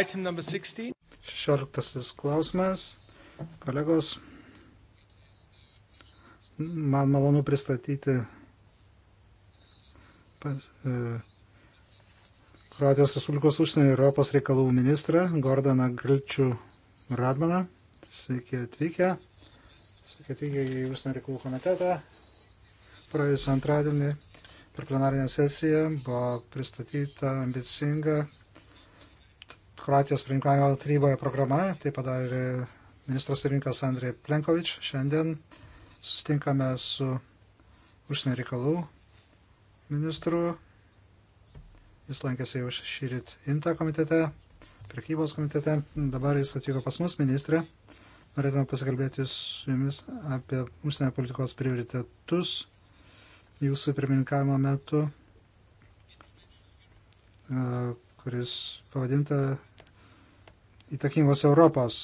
Item number 16. 16 klausimas. Kolegos, man malonu pristatyti e, Kroatijos Respublikos užsienio ir Europos reikalų ministrą Gordaną Grilčių Radmaną. Sveiki atvykę. Sveiki atvykę į užsienio reikalų komitetą. Praėjusį antradienį per plenarinę sesiją buvo pristatyta ambicinga Kroatijos pirmininkavimo taryboje programa, tai padarė ministras pirmininkas Andrė Plenkovič. Šiandien sustinkame su užsienio reikalų ministru. Jis lankėsi jau šį rytą INTA komitete, prekybos komitete. Dabar jis atvyko pas mus, ministrė. Norėtume pasikalbėti su jumis apie užsienio politikos prioritetus jūsų pirmininkavimo metu kuris pavadinta įtakingos Europos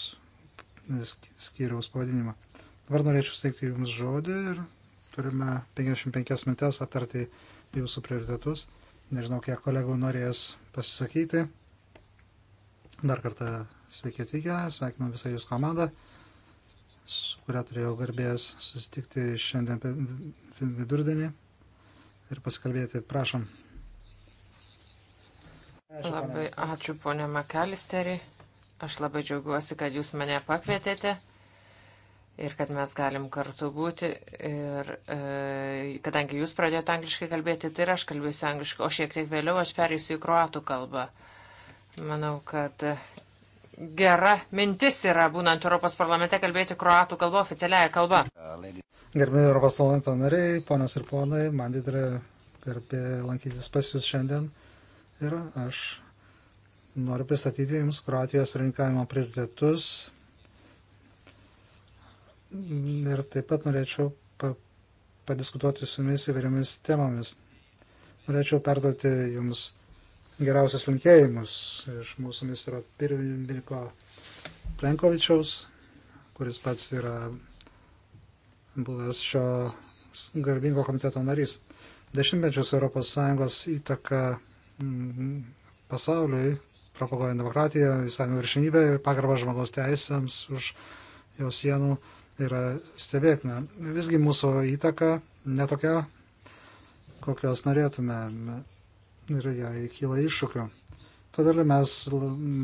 skyriaus pavadinimą. Dabar norėčiau steigti Jums žodį ir turime 55 minutės aptarti Jūsų prioritetus. Nežinau, kiek kolegų norės pasisakyti. Dar kartą sveiki atvykę, sveikinu visą Jūsų komandą, su kuria turėjau garbės susitikti šiandien vidurdienį ir pasikalbėti. Prašom. Ačiū, Labai ačiū, ponė Makalisteri. Aš labai džiaugiuosi, kad jūs mane pakvietėte ir kad mes galim kartu būti. Ir e, kadangi jūs pradėjote angliškai kalbėti, tai ir aš kalbėsiu angliškai, o šiek tiek vėliau aš perėsiu į kruatų kalbą. Manau, kad gera mintis yra, būnant Europos parlamente, kalbėti kruatų kalbą, oficialiaja kalba. Gerbėjai Europos parlamento nariai, ponios ir ponai, man didelė garbė lankytis pas jūs šiandien. Ir aš Noriu pristatyti Jums Kroatijos pirmininkavimo prioritetus. Ir taip pat norėčiau pa padiskutuoti su Jumis įvairiomis temomis. Norėčiau perduoti Jums geriausias linkėjimus iš mūsų ministro pirmininko Plenkovičiaus, kuris pats yra buvęs šio garbingo komiteto narys. Dešimtmečius ES įtaka mm, pasauliui propaguoja demokratiją, įstatymų viršinybę ir pagarbą žmogaus teisėms už jos sienų yra stebėtina. Visgi mūsų įtaka netokia, kokios norėtume ir jai kyla iššūkių. Todėl mes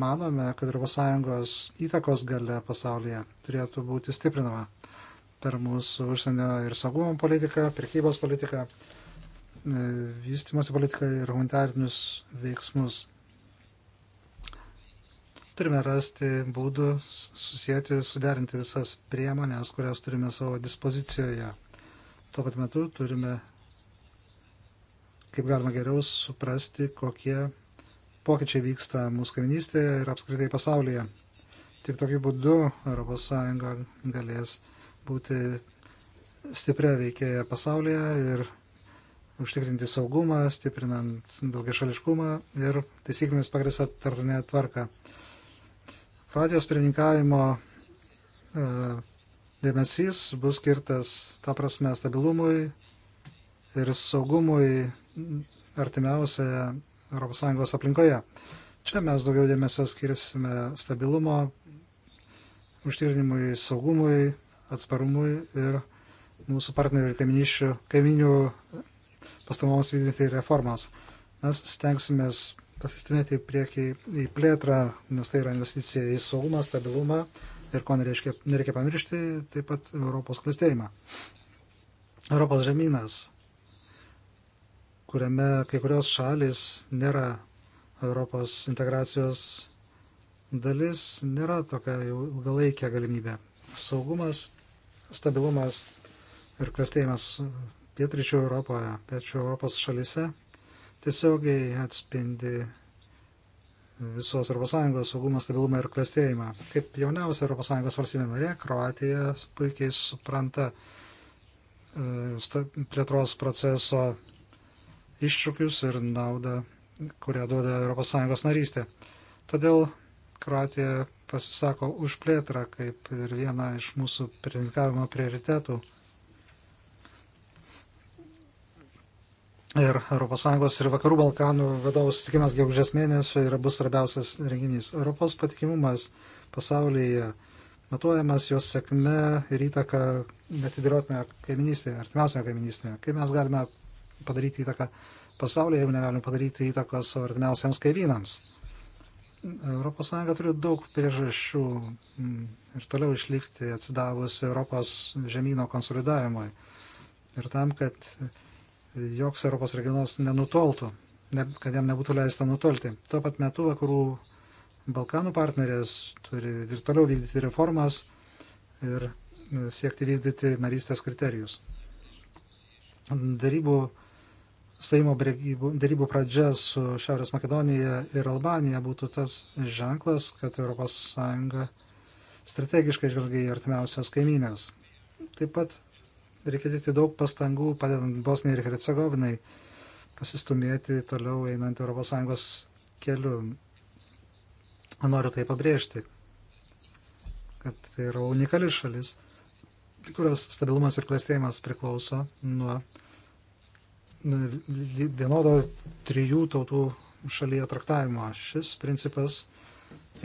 manome, kad ES įtakos gale pasaulyje turėtų būti stiprinama per mūsų užsienio ir saugumo politiką, prekybos politiką, e, vystimosi politiką ir humanitarinius veiksmus. Turime rasti būdų susijęti, suderinti visas priemonės, kurias turime savo dispozicijoje. Tuo pat metu turime, kaip galima geriau, suprasti, kokie pokyčiai vyksta mūsų kaiminystėje ir apskritai pasaulyje. Tik tokiu būdu ES galės būti stipria veikėja pasaulyje ir užtikrinti saugumą, stiprinant daugiašališkumą ir taisyklėmis pagrįstą tarptautinę tvarką. Kroatijos pirmininkavimo e, dėmesys bus skirtas, ta prasme, stabilumui ir saugumui artimiausioje ES aplinkoje. Čia mes daugiau dėmesio skirsime stabilumo, užtikrinimui, saugumui, atsparumui ir mūsų partnerių ir kaiminių pastangoms vykdyti reformas. Mes stengsimės pasistumėti į priekį į plėtrą, nes tai yra investicija į saugumą, stabilumą ir ko nereiškia, nereikia pamiršti, taip pat Europos klestėjimą. Europos žemynas, kuriame kai kurios šalis nėra Europos integracijos dalis, nėra tokia jau ilgalaikė galimybė. Saugumas, stabilumas ir klestėjimas pietryčių Europoje, pietričių Europos šalise tiesiogiai atspindi visos ES saugumą, stabilumą ir klestėjimą. Kaip jauniausia ES valstybė narė, Kroatija puikiai supranta e, plėtros proceso iššūkius ir naudą, kurią duoda ES narystė. Todėl Kroatija pasisako už plėtrą kaip ir vieną iš mūsų pirmininkavimo prioritetų ir ES ir Vakarų Balkanų vadovų susitikimas gegužės mėnesio yra bus svarbiausias renginys. Europos patikimumas pasaulyje matuojamas jos sėkme ir įtaka netidėliotinėje kaiminystėje, artimiausioje kaiminystėje. Kaip mes galime padaryti įtaką pasaulyje, jeigu negalime padaryti įtakos savo artimiausiams kaimynams. ES turi daug priežasčių mm, ir toliau išlikti atsidavusi Europos žemynų konsolidavimui. Ir tam, kad joks Europos regionas nenutoltų, ne, kad jam nebūtų leista nutolti. Tuo pat metu vakarų Balkanų partnerės turi ir toliau vykdyti reformas ir e, siekti vykdyti narystės kriterijus. Darybų, stojimo darybų pradžia su Šiaurės Makedonija ir Albanija būtų tas ženklas, kad ES strategiškai žvelgia į artimiausias kaimynės. Taip pat Reikia dėti daug pastangų, padedant Bosniai ir Hercegovinai pasistumėti toliau einant ES keliu. Noriu tai pabrėžti, kad tai yra unikali šalis, kurios stabilumas ir klėstėjimas priklauso nuo vienodo trijų tautų šalyje traktavimo. Šis principas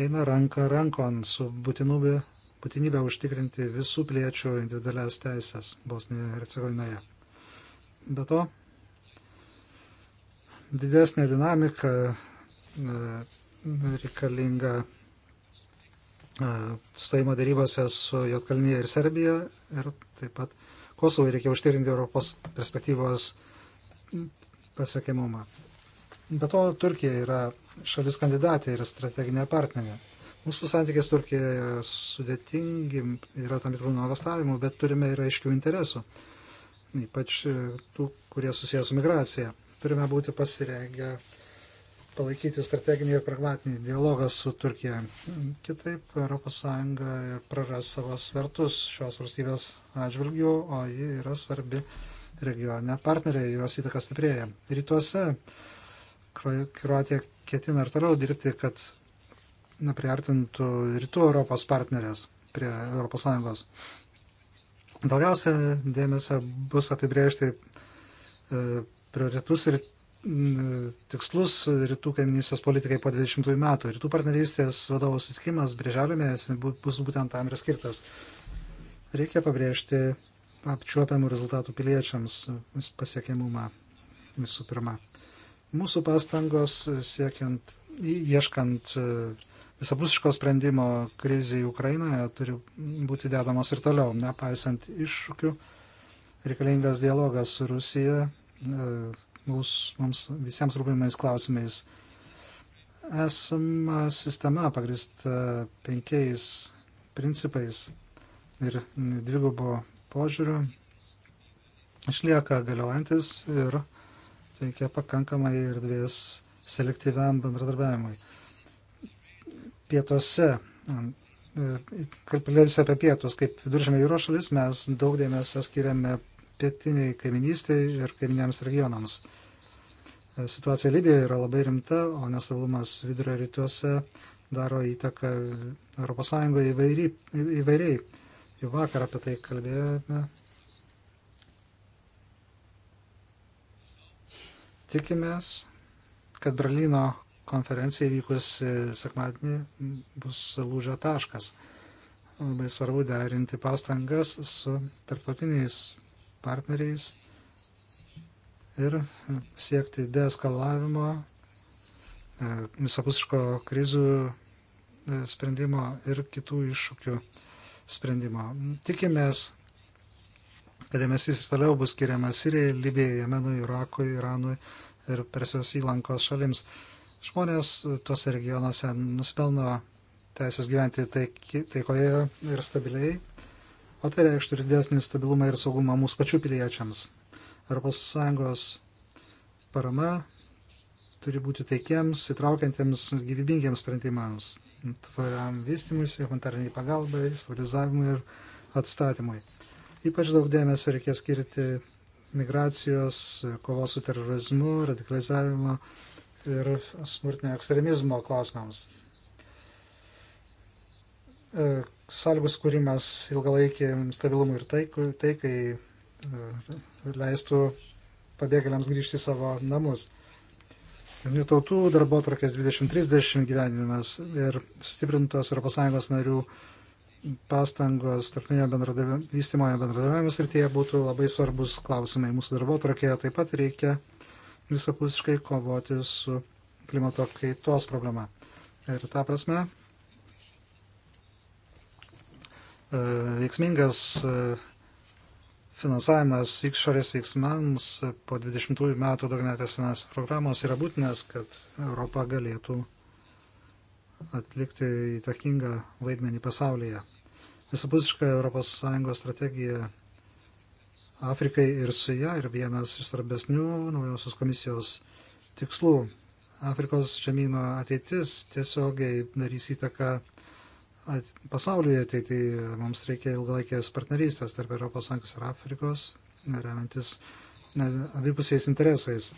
eina ranka rankon su būtinubė būtinybę užtikrinti visų piliečių individualias teisės Bosnijoje ir Hercegovinoje. Be to, didesnė dinamika e, reikalinga sustojimo e, darybose su Jotkalnyje ir Serbija ir taip pat Kosovai reikia užtikrinti Europos perspektyvos pasiekimumą. Be to, Turkija yra šalis kandidatė ir strateginė partnerė. Mūsų santykis Turkijoje sudėtingi, yra tam tikrų nuogastavimų, bet turime ir aiškių interesų, ypač e, tų, kurie susijęs su migracija. Turime būti pasirengę palaikyti strateginį ir pragmatinį dialogą su Turkija. Kitaip ES praras savo svertus šios valstybės atžvilgių, o ji yra svarbi regione partneriai, jos įtaka stiprėja. Rytuose Kroatija ketina ir toliau dirbti, kad na, priartintų rytų Europos partnerės prie ES. Daugiausia dėmesio bus apibriežti e, prioritetus ir tikslus rytų kaiminystės politikai po 20 metų. Rytų partnerystės vadovų sutikimas birželio mėnesį bus būtent tam ir skirtas. Reikia pabrėžti apčiuopiamų rezultatų piliečiams pasiekimumą visų pirma. Mūsų pastangos siekiant, ieškant visapusiško sprendimo krizai Ukrainoje turi būti dedamos ir toliau, nepaisant iššūkių. Reikalingas dialogas su Rusija e, mums, mums visiems rūpimais klausimais. Esama sistema pagrįsta penkiais principais ir dvigubo požiūriu išlieka galiojantis ir teikia pakankamai erdvės selektyviam bendradarbiavimui pietuose, e, kalbėlis apie pietus, kaip viduržėmė jūros šalis, mes daug dėmesio skiriame pietiniai kaiminystiai ir kaiminiams regionams. E, situacija Libijoje yra labai rimta, o nestabilumas vidurio rytuose daro įtaką ES įvairiai. įvairiai. Jau vakar apie tai kalbėjome. Tikimės, kad Berlyno konferencija vykusi sekmadienį bus lūžio taškas. Labai svarbu derinti pastangas su tarptautiniais partneriais ir siekti deeskalavimo, e, visapusiško krizių e, sprendimo ir kitų iššūkių sprendimo. Tikimės, kad dėmesys ir toliau bus skiriamas Sirijai, Libijai, Jemenui, Irakui, Iranui ir Persijos įlankos šalims. Žmonės e, tuose regionuose nusipelno teisės gyventi taikoje ir stabiliai, o tai reikštų ir didesnį stabilumą ir saugumą mūsų pačių piliečiams. ES parama turi būti taikiems, įtraukiantiems gyvybingiems sprendimams, tvariam vystimuisi, humanitariniai pagalbai, stabilizavimui ir atstatymui. Ypač daug dėmesio reikės skirti migracijos, kovos su terorizmu, radikalizavimo ir smurtinio ekstremizmo klausimams. E, sąlygos kūrimas ilgalaikiam stabilumui ir taikai e, leistų pabėgėliams grįžti į savo namus. Jungtinių tautų darbo atvarkės 2030 gyvenimas ir sustiprintos ES narių pastangos tarptautinio bendradav... vystimojo bendradarbiavimo srityje būtų labai svarbus klausimai. Mūsų darbo atvarkėje taip pat reikia visapusiškai kovoti su klimato kaitos problema. Ir ta prasme, e, veiksmingas e, finansavimas išorės veiksmams po 20 metų daugiametės finansų programos yra būtinas, kad Europa galėtų atlikti įtakingą vaidmenį pasaulyje. Visapusiška ES strategija Afrikai ir su ją ir vienas iš svarbesnių naujosios komisijos tikslų. Afrikos žemyno ateitis tiesiogiai darys įtaką pasauliui ateityje. Mums reikia ilgalaikės partnerystės tarp ES ir Afrikos, remiantis abipusiais interesais.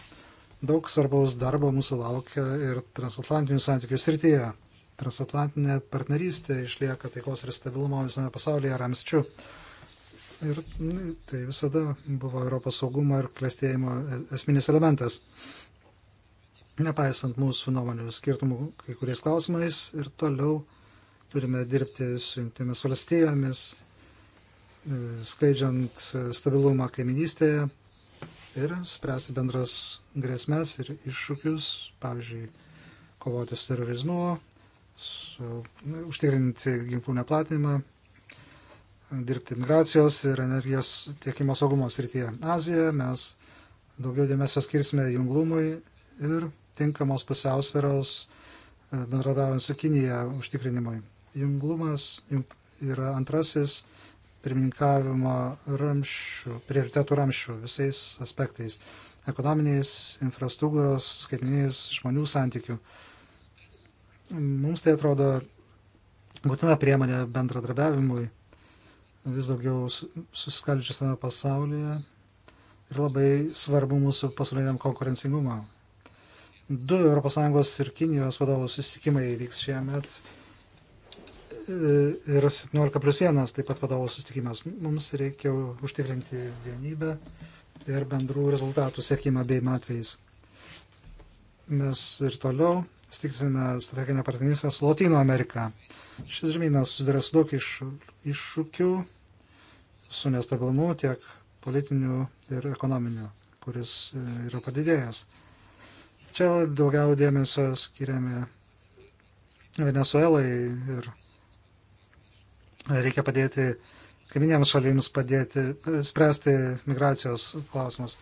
Daug svarbaus darbo mūsų laukia ir transatlantinių santykių srityje. Transatlantinė partnerystė išlieka taikos ir stabilumo visame pasaulyje ramščiu. Ir tai visada buvo Europos saugumo ir klėstėjimo e, esminis elementas. Nepaisant mūsų nuomonių skirtumų kai kuriais klausimais ir toliau turime dirbti su jungtinėmis valstijomis, e, skleidžiant stabilumą kaiminystėje ir spręsti bendras grėsmės ir iššūkius, pavyzdžiui, kovoti su terorizmu, su, užtikrinti ginklų neplatinimą, dirbti migracijos ir energijos tiekimo saugumo srityje. Azijoje mes daugiau dėmesio skirsime junglumui ir tinkamos pusiausvėros e, bendradarbiaujant su Kinija užtikrinimui. Junglumas yra antrasis pirmininkavimo ramščių, prioritetų ramščių visais aspektais - ekonominiais, infrastruktūros, skaitminiais, žmonių santykių. Mums tai atrodo būtina priemonė bendradarbiavimui vis daugiau susiskaldžiusiame pasaulyje ir labai svarbu mūsų pasauliniam konkurencingumą. Du ES ir Kinijos vadovų susitikimai vyks šiemet e, ir 17 plus 1 taip pat vadovų susitikimas. Mums reikia užtikrinti vienybę ir bendrų rezultatų siekimą bei atvejais. Mes ir toliau stiksime strateginę partnerystę su Latino Amerika. Šis žemynas susiduria su daug iš, iššūkių, su nestabilumu tiek politiniu ir ekonominiu, kuris e, yra padidėjęs. Čia daugiau dėmesio skiriame Venezuelai ir reikia padėti kaiminėms šalims padėti spręsti migracijos klausimus.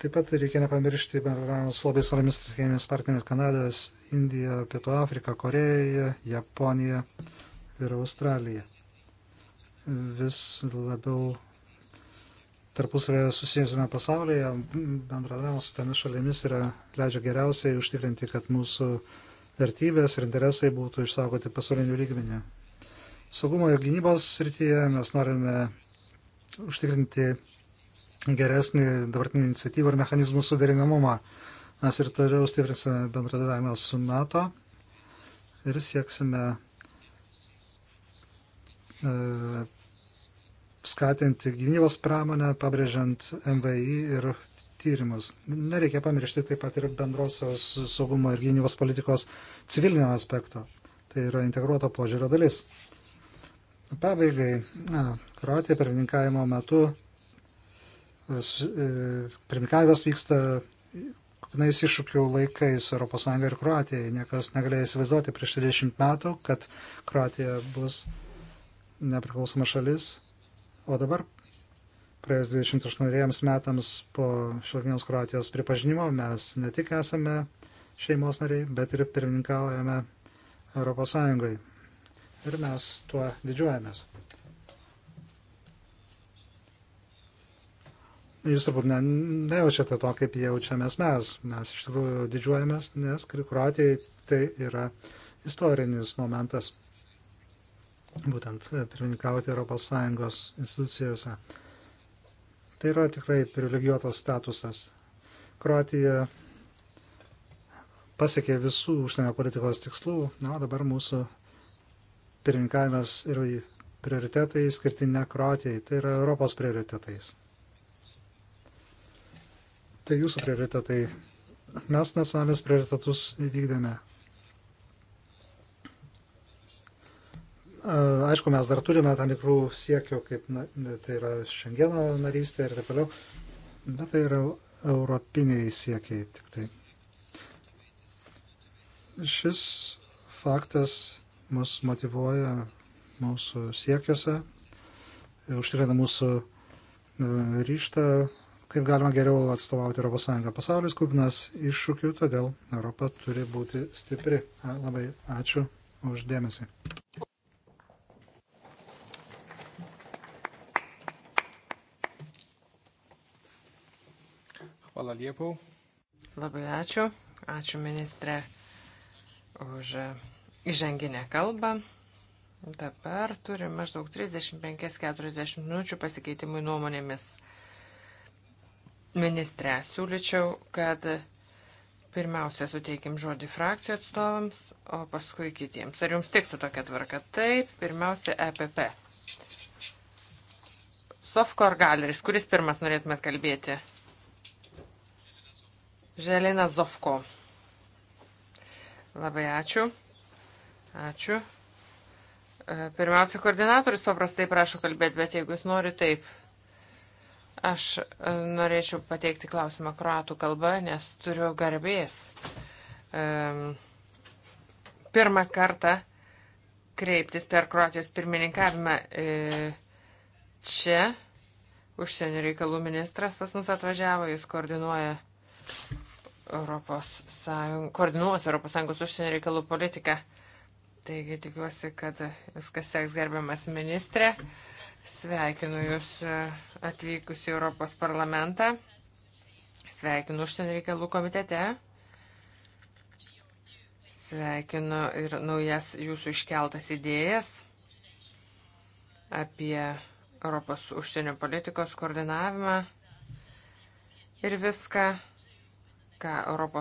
Taip pat reikia nepamiršti bendradarbiavimo su labai svarbiamis strateginėmis partnerėmis Kanadas, Indija, Pietų Afrika, Koreja, Japonija ir Australija. Vis labiau tarpusavėje susijusime pasaulyje, bendradavimas su tomis šalimis yra, leidžia geriausiai užtikrinti, kad mūsų vertybės ir interesai būtų išsaugoti pasaulinių lygmenį. Saugumo ir gynybos srityje mes norime užtikrinti geresnį dabartinį iniciatyvą ir mechanizmų suderinamumą. Mes ir toliau stiprinsime bendradarbiavimą su NATO ir sieksime e, skatinti gynybos pramonę, pabrėžiant MVI ir tyrimus. Nereikia pamiršti taip pat ir bendrosios saugumo ir gynybos politikos civilinio aspekto. Tai yra integruoto požiūrio dalis. Pabaigai, Kroatija pirmininkavimo metu E, pirmikavęs vyksta kupinais iššūkių laikais ES ir Kroatijai. Niekas negalėjo įsivaizduoti prieš 30 metų, kad Kroatija bus nepriklausoma šalis. O dabar, praėjus 28 metams po šiolkinės Kroatijos pripažinimo, mes ne tik esame šeimos nariai, bet ir pirmininkaujame ES. Ir mes tuo didžiuojamės. Jūs turbūt ne, nejaučiate to, kaip jaučiamės mes. Mes iš tikrųjų didžiuojamės, nes Kroatijai tai yra istorinis momentas, būtent e, pirmininkauti ES institucijose. Tai yra tikrai privilegijuotas statusas. Kroatija pasiekė visų užsienio politikos tikslų, na, dabar mūsų pirmininkavimas ir prioritetai skirti ne Kroatijai, tai yra Europos prioritetais tai jūsų prioritetai. Mes nacionalinius prioritetus įvykdėme. Aišku, mes dar turime tam tikrų siekių, kaip na, tai yra Šengeno narystė ir taip toliau, bet tai yra europiniai siekiai tik tai. Šis faktas mus motivuoja mūsų siekiuose, užtikrina mūsų e, ryštą kaip galima geriau atstovauti ES. Pasaulis kupinas iššūkių, todėl Europa turi būti stipri. Labai ačiū uždėmesi. Hvala lijepo. Labai ačiū. Ačiū ministrė už įženginę kalbą. Dabar turime maždaug 35-40 minučių pasikeitimui nuomonėmis ministrę, siūlyčiau, kad pirmiausia suteikim žodį frakcijų atstovams, o paskui kitiems. Ar jums tiktų tokia tvarka? Taip, pirmiausia, EPP. Sofko ar Galeris, kuris pirmas norėtumėt kalbėti? Želina Zofko. Labai ačiū. Ačiū. E, pirmiausia, koordinatorius paprastai prašo kalbėti, bet jeigu jūs nori, taip. Aš e, norėčiau pateikti klausimą kroatų kalba, nes turiu garbės. Um, pirmą kartą kreiptis per Kroatijos pirmininkavimą e, čia. Užsienio reikalų ministras pas mus atvažiavo, jis koordinuoja Europos Sąjung, koordinuos Europos Sąjungos užsienio reikalų politiką. Taigi tikiuosi, kad viskas seks gerbiamas ministrė. Sveikinu Jūs e, atvykus į Europos parlamentą. Sveikinu užsienio reikalų komitete. Sveikinu ir naujas Jūsų iškeltas idėjas apie Europos užsienio politikos koordinavimą ir viską, ką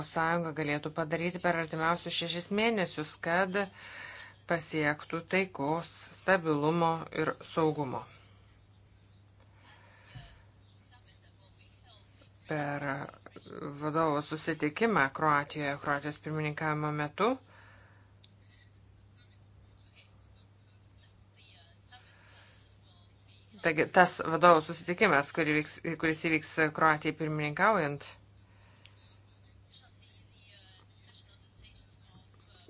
ES galėtų padaryti per artimiausius šešis mėnesius, kad pasiektų taikos stabilumo ir saugumo. Per vadovų susitikimą Kroatijoje, Kroatijos pirmininkavimo metu, Taigi tas vadovų susitikimas, kuris įvyks Kroatijai pirmininkaujant,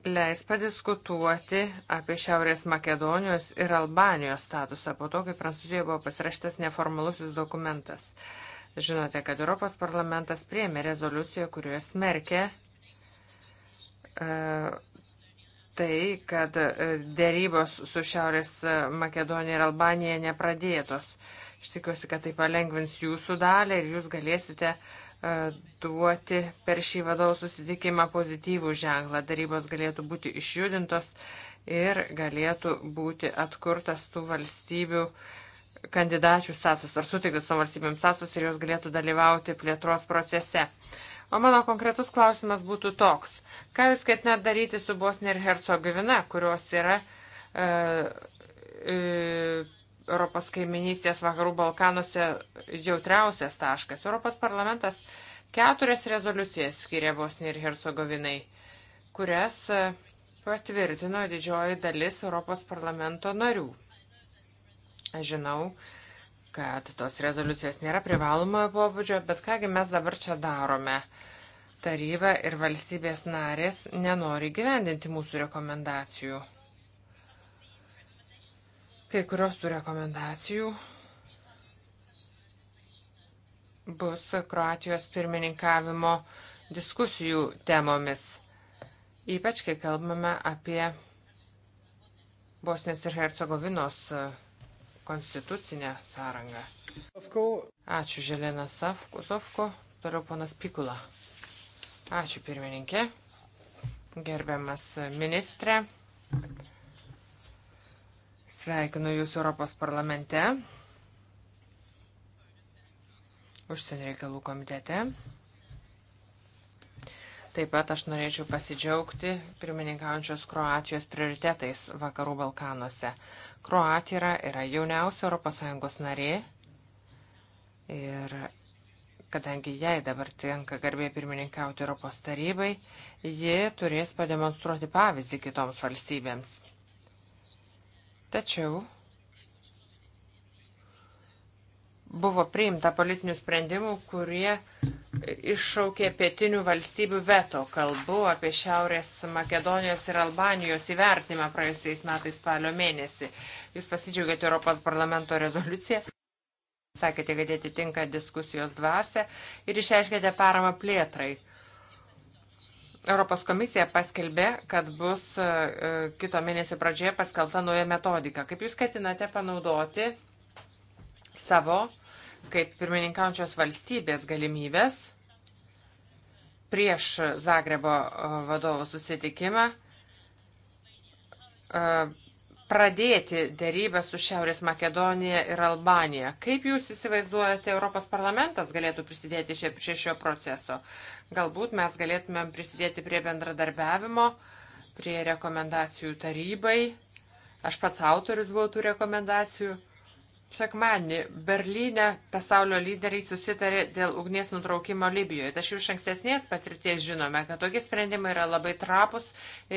leis padiskutuoti apie Šiaurės Makedonijos ir Albanijos statusą po to, kai Prancūzijoje buvo pasirašytas neformalusis dokumentas. Žinote, kad Europos parlamentas priemė rezoliuciją, kurioje smerkė e, tai, kad e, dėrybos su Šiaurės Makedonija ir Albanija nepradėtos. Aš tikiuosi, kad tai palengvins jūsų dalį ir jūs galėsite uh, E, duoti per šį vadovų susitikimą pozityvų ženklą. Darybos galėtų būti išjudintos ir galėtų būti atkurtas tų valstybių kandidačių statusas ar sutiktas tom valstybėm statusas ir jos galėtų dalyvauti plėtros procese. O mano konkretus klausimas būtų toks. Ką jūs ketinat daryti su Bosnija ir Hercegovina, kurios yra e, e, Europos kaiminystės vakarų Balkanuose jautriausias taškas. Europos parlamentas keturias rezoliucijas skiria Bosniai ir Hercegovinai, kurias e, patvirtino didžioji dalis Europos parlamento narių. Aš žinau, kad tos rezoliucijos nėra privalomojo pobūdžio, bet kągi mes dabar čia darome. Taryba ir valstybės narės nenori gyvendinti mūsų rekomendacijų. Kai kurios tų rekomendacijų bus Kroatijos pirmininkavimo diskusijų temomis, ypač kai kalbame apie Bosnės ir Hercegovinos e, konstitucinę sąrangą. Ačiū Želena Safko, Sofko, toliau ponas Pikula. Ačiū pirmininkė, gerbiamas ministrė. Sveikinu Jūs Europos parlamente, užsienio reikalų komitete. Taip pat aš norėčiau pasidžiaugti pirmininkaujančios Kroatijos prioritetais Vakarų Balkanuose. Kroatija yra, yra jauniausia ES narė ir kadangi jai dabar tenka garbė pirmininkauti Europos tarybai, ji turės pademonstruoti pavyzdį kitoms valstybėms. Tačiau buvo priimta politinių sprendimų, kurie iššaukė pietinių valstybių veto. Kalbu apie Šiaurės Makedonijos ir Albanijos įvertinimą praėjusiais metais spalio mėnesį. Jūs pasidžiaugėte Europos parlamento rezoliuciją, sakėte, kad atitinka diskusijos dvasę ir išreiškėte paramą plėtrai. Europos komisija paskelbė, kad bus e, e, kito mėnesio pradžioje paskelbta nauja metodika. Kaip jūs ketinate panaudoti savo, kaip pirmininkaujančios valstybės galimybės prieš Zagrebo e, vadovų susitikimą pradėti dėrybę su Šiaurės Makedonija ir Albanija. Kaip Jūs įsivaizduojate, Europos parlamentas galėtų prisidėti šie, prie šio proceso? Galbūt mes galėtumėm prisidėti prie bendradarbiavimo, prie rekomendacijų tarybai. Aš pats autorius buvau tų rekomendacijų. Sekmanį Berlyne pasaulio lyderiai susitarė dėl ugnies nutraukimo Libijoje. Tačiau iš ankstesnės patirties žinome, kad tokie sprendimai yra labai trapus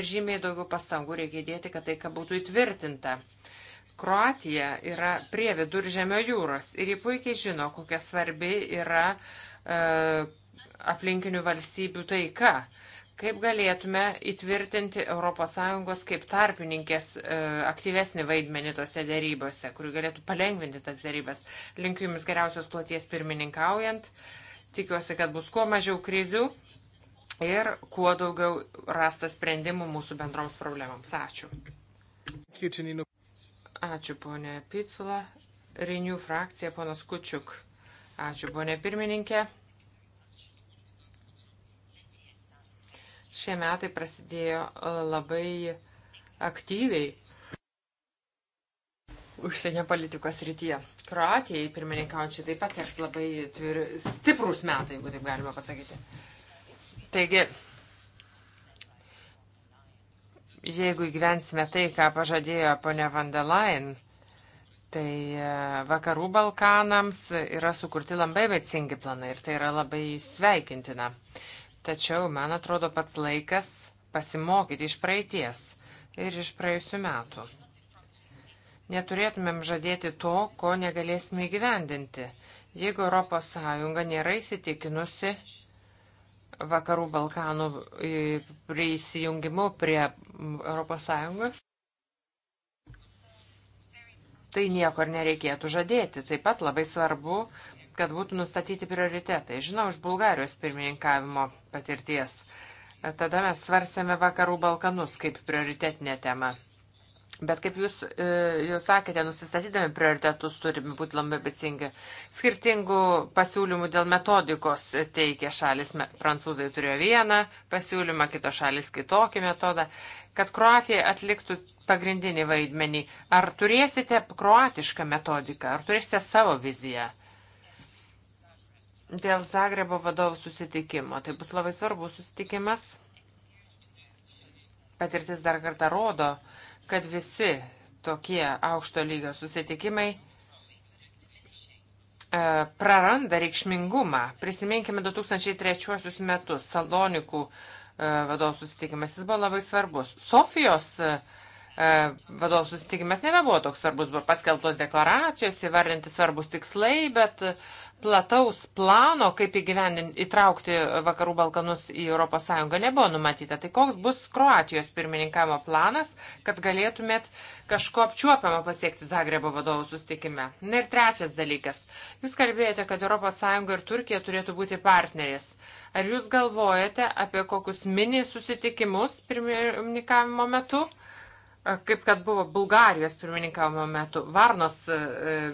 ir žymiai daugiau pastangų reikia įdėti, kad tai, kad būtų įtvirtinta. Kroatija yra prie viduržemio jūros ir ji puikiai žino, kokia svarbi yra e, aplinkinių valstybių taika. E, Kaip galėtume įtvirtinti ES kaip tarpininkės e, aktyvesnį vaidmenį tose dėrybose, kuri galėtų palengvinti tas dėrybas? Linkiu Jums geriausios ploties pirmininkaujant. Tikiuosi, kad bus kuo mažiau krizių ir kuo daugiau rasta sprendimų mūsų bendroms problemams. Ačiū. Ačiū, ponė Pitsula. Renew frakcija, ponas Kučiuk. Ačiū, ponė pirmininkė. Šie metai prasidėjo e, labai aktyviai užsienio politikos rytyje. Kroatijai pirmininkaučiai taip pat teks labai turi, stiprus metai, jeigu taip galima pasakyti. Taigi, jeigu įgyvensime tai, ką pažadėjo ponia van der Leyen, tai e, vakarų Balkanams yra sukurti labai veicingi planai ir tai yra labai sveikintina. Tačiau, man atrodo, pats laikas pasimokyti iš praeities ir iš praėjusių metų. Neturėtumėm žadėti to, ko negalėsime įgyvendinti, jeigu ES nėra įsitikinusi vakarų Balkanų prisijungimu e, prie ES. Tai niekur nereikėtų žadėti. Taip pat labai svarbu uh, kad būtų nustatyti prioritetai. Žinau, iš Bulgarijos pirmininkavimo patirties. Tada mes svarsėme vakarų Balkanus kaip prioritetinę temą. Bet kaip jūs e, jau sakėte, nusistatydami prioritetus turime būti labai ambicingi. Skirtingų pasiūlymų dėl metodikos teikia šalis. Prancūzai turėjo vieną pasiūlymą, kitos šalis kitokį metodą. Kad Kroatija atliktų pagrindinį vaidmenį. Ar turėsite kroatišką metodiką, ar turėsite savo viziją? dėl Zagrebo vadovų susitikimo. Tai bus labai svarbus susitikimas. Patirtis dar kartą rodo, kad visi tokie aukšto lygio susitikimai e, praranda reikšmingumą. Prisiminkime 2003 metus Salonikų e, vadovų susitikimas. Jis buvo labai svarbus. Sofijos uh, E, vadovų susitikimas nebebuvo toks svarbus, buvo paskelbtos deklaracijos, įvardinti svarbus tikslai, bet plataus plano, kaip įtraukti Vakarų Balkanus į ES nebuvo numatyta. Tai koks bus Kroatijos pirmininkavimo planas, kad galėtumėt kažko apčiuopiamą pasiekti Zagrebo vadovų sustikime. Na ir trečias dalykas. Jūs kalbėjote, kad ES ir Turkija turėtų būti partneris. Ar jūs galvojate apie kokius mini susitikimus pirmininkavimo metu? kaip kad buvo Bulgarijos pirmininkavimo metu. Varnos e,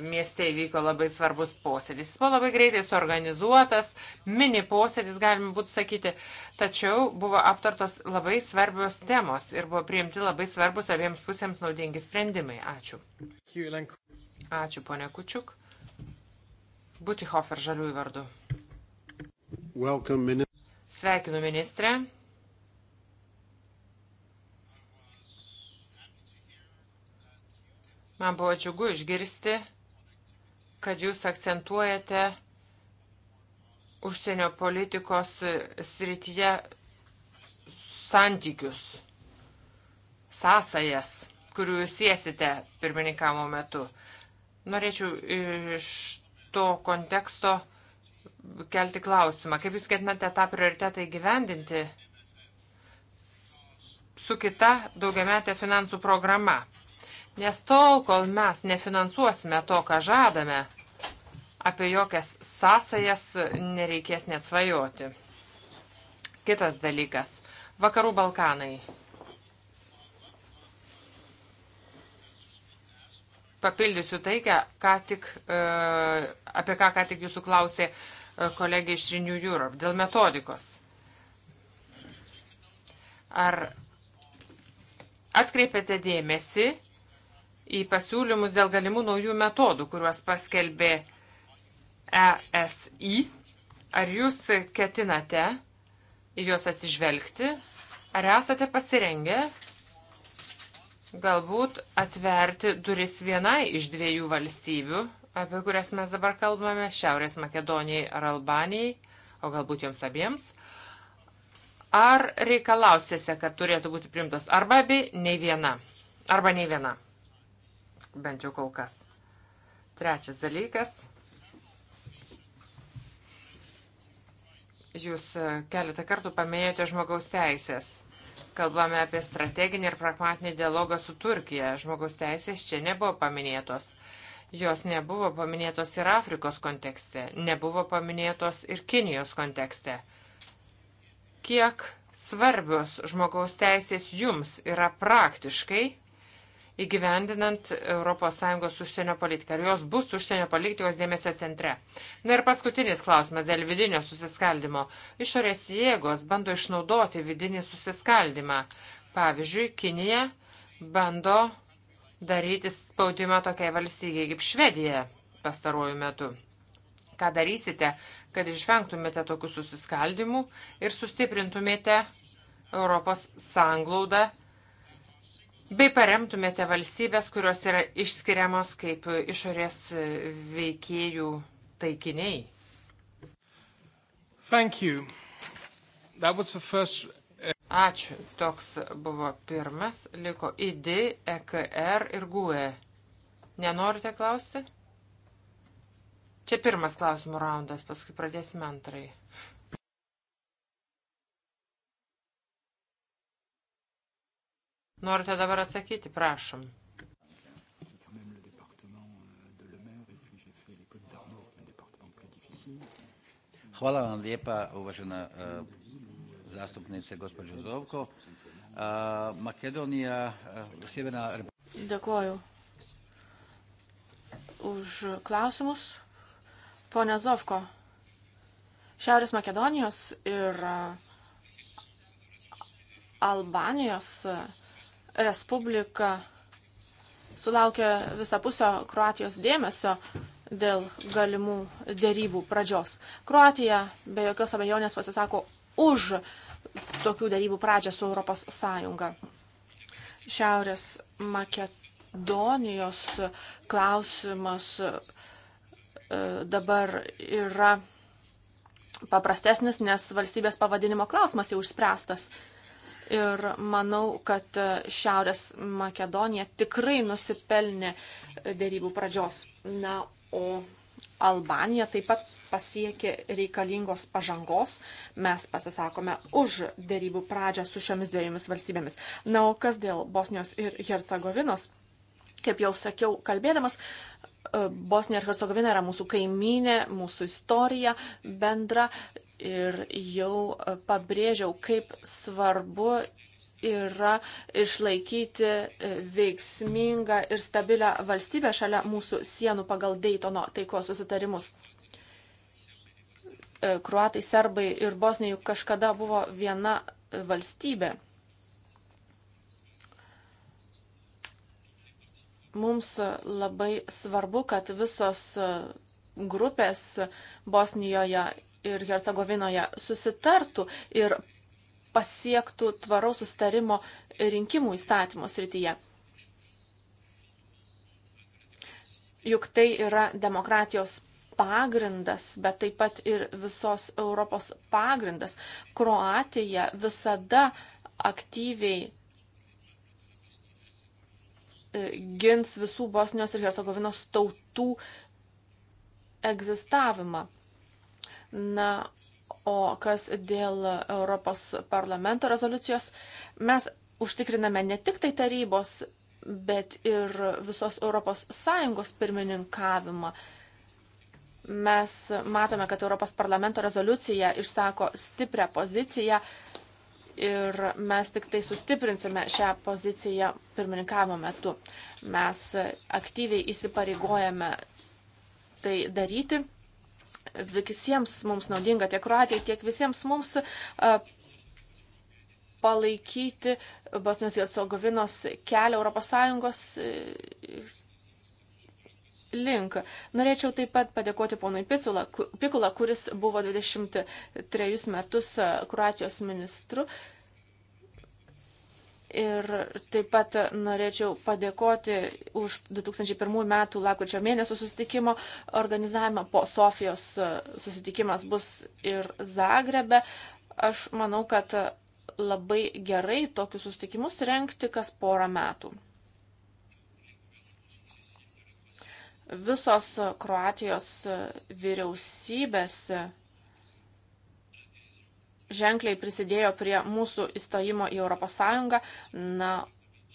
mieste įvyko labai svarbus posėdis. Jis buvo labai greitai suorganizuotas, mini posėdis, galima būtų sakyti, tačiau buvo aptartos labai svarbios temos ir buvo priimti labai svarbus abiems pusėms naudingi sprendimai. Ačiū. Ačiū, ponė Kučiuk. Butihofer žaliųjų vardu. Welcome, Sveikinu ministrę. Man buvo džiugu išgirsti, kad jūs akcentuojate užsienio politikos srityje santykius, sąsajas, kurių jūs siesite pirmininkamo metu. Norėčiau iš to konteksto kelti klausimą, kaip jūs ketinate tą prioritetą įgyvendinti su kita daugiametė finansų programa. Nes tol, kol mes nefinansuosime to, ką žadame, apie jokias sąsajas nereikės net svajoti. Kitas dalykas - Vakarų Balkanai. Papildysiu tai, ką tik, e, apie ką ką tik jūsų klausė e, kolegė iš Renew Europe dėl metodikos. Ar atkreipėte dėmesį, į pasiūlymus dėl galimų naujų metodų, kuriuos paskelbė ESI. Ar jūs ketinate į juos atsižvelgti? Ar esate pasirengę galbūt atverti duris vienai iš dviejų valstybių, apie kurias mes dabar kalbame - Šiaurės Makedonijai ar Albanijai, o galbūt joms abiems? Ar reikalausėse, kad turėtų būti primtos arba abi, nei viena? Arba nei viena? bent jau kol kas. Trečias dalykas. Jūs e, keletą kartų paminėjote žmogaus teisės. Kalbame apie strateginį ir pragmatinį dialogą su Turkija. Žmogaus teisės čia nebuvo paminėtos. Jos nebuvo paminėtos ir Afrikos kontekste, nebuvo paminėtos ir Kinijos kontekste. Kiek svarbios žmogaus teisės jums yra praktiškai įgyvendinant ES užsienio politiką. Ar jos bus užsienio politikos dėmesio centre? Na ir paskutinis klausimas dėl vidinio susiskaldimo. Išorės jėgos bando išnaudoti vidinį susiskaldimą. Pavyzdžiui, Kinija bando daryti spaudimą tokiai valstybei kaip Švedija pastaruoju metu ką darysite, kad išvengtumėte tokių susiskaldimų ir sustiprintumėte Europos sanglaudą bei paremtumėte valstybės, kurios yra išskiriamos kaip išorės veikėjų taikiniai. First... Eh, Ačiū. Toks buvo pirmas. Liko ID, EKR ir GUE. Nenorite klausti? Čia pirmas klausimų raundas, paskui pradėsime antrąjį. Norite dabar atsakyti, prašom. Hvala vam lijepa, uvažena uh, zastupnice gospođo Zovko. Uh, Makedonija, uh, Sjeverna Republika. Dėkuoju už klausimus. Pone Zovko, Šiaurės Makedonijos ir Albanijos uh, Respublika sulaukė visapusio Kroatijos dėmesio dėl galimų dėrybų pradžios. Kroatija be jokios abejonės pasisako už tokių dėrybų pradžią su Europos Sąjunga. Šiaurės Makedonijos klausimas e, dabar yra paprastesnis, nes valstybės pavadinimo klausimas jau išspręstas. Ir manau, kad e, Šiaurės Makedonija tikrai nusipelnė e, dėrybų pradžios. Na, o Albanija taip pat pasiekė reikalingos pažangos. Mes pasisakome už dėrybų pradžią su šiomis dviejomis valstybėmis. Na, o kas dėl Bosnijos ir Hercegovinos? Kaip jau sakiau, kalbėdamas, e, Bosnija ir Hercegovina yra mūsų kaiminė, mūsų istorija bendra ir jau e, pabrėžiau, kaip svarbu yra išlaikyti e, veiksmingą ir stabilę valstybę šalia mūsų sienų pagal Daytono taikos susitarimus. E, Kruatai, serbai ir bosniai juk kažkada buvo viena valstybė. Mums labai svarbu, kad visos grupės Bosnijoje ir Hercegovinoje susitartų ir pasiektų tvaraus sustarimo rinkimų įstatymo srityje. Juk tai yra demokratijos pagrindas, bet taip pat ir visos Europos pagrindas. Kroatija visada aktyviai e, gins visų Bosnijos ir Hercegovinos tautų egzistavimą. Na, o kas dėl Europos parlamento rezoliucijos, mes užtikriname ne tik tai tarybos, bet ir visos ES pirmininkavimą. Mes matome, kad Europos parlamento rezoliucija išsako stiprią poziciją ir mes tik tai sustiprinsime šią poziciją pirmininkavimo metu. Mes aktyviai įsipareigojame tai daryti visiems mums naudinga, tiek Kroatijai, tiek visiems mums palaikyti Bosnijos ir Sogovinos kelią ES e, link. Norėčiau taip pat padėkoti ponui Picula, Pikula, kuris buvo 23 metus Kroatijos ministru Ir taip pat norėčiau padėkoti už 2001 metų lakučio mėnesio susitikimo organizavimą. Po Sofijos e, susitikimas bus ir Zagrebe. Aš manau, kad labai gerai tokius susitikimus renkti kas porą metų. Visos Kroatijos vyriausybės ženkliai prisidėjo prie mūsų įstojimo į ES. Na,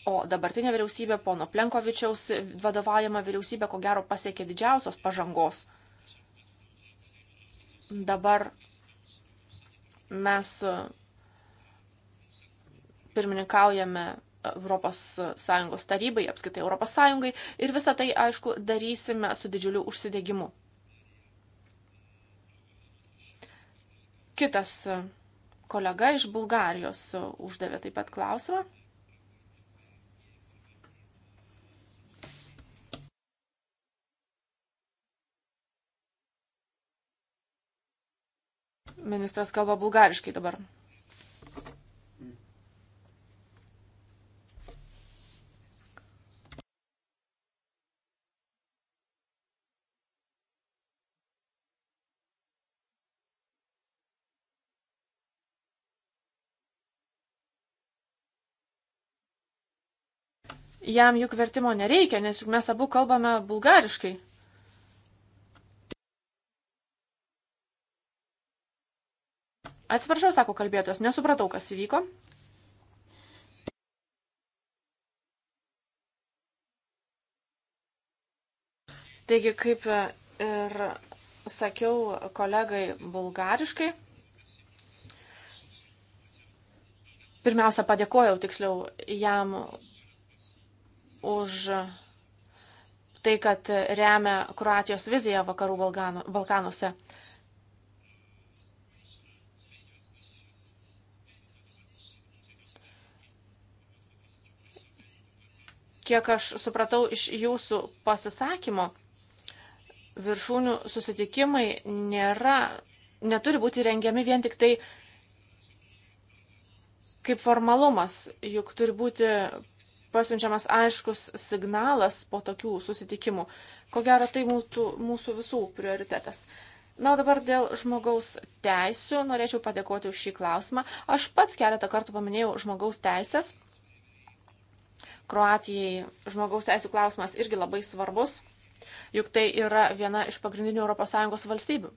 o dabartinė vyriausybė, pono Plenkovičiaus vadovaujama vyriausybė, ko gero pasiekė didžiausios pažangos. Dabar mes pirmininkaujame ES tarybai, apskaitai ES ir visą tai, aišku, darysime su didžiuliu užsidėgymu. Kitas Kolega iš Bulgarijos uždavė taip pat klausimą. Ministras kalba bulgariškai dabar. Jam juk vertimo nereikia, nes juk mes abu kalbame bulgariškai. Atsiprašau, sako kalbėtojas, nesupratau, kas įvyko. Taigi, kaip ir sakiau kolegai bulgariškai, pirmiausia, padėkojau tiksliau jam už tai, kad remia Kroatijos viziją vakarų Balkano, Balkanuose. Kiek aš supratau iš jūsų pasisakymo, viršūnių susitikimai nėra, neturi būti rengiami vien tik tai kaip formalumas, juk turi būti pasiunčiamas aiškus signalas po tokių susitikimų. Ko gero, tai mūsų, mūsų visų prioritetas. Na, o dabar dėl žmogaus teisų norėčiau padėkoti už šį klausimą. Aš pats keletą kartų paminėjau žmogaus teisės. Kroatijai žmogaus teisų klausimas irgi labai svarbus. Juk tai yra viena iš pagrindinių ES valstybių,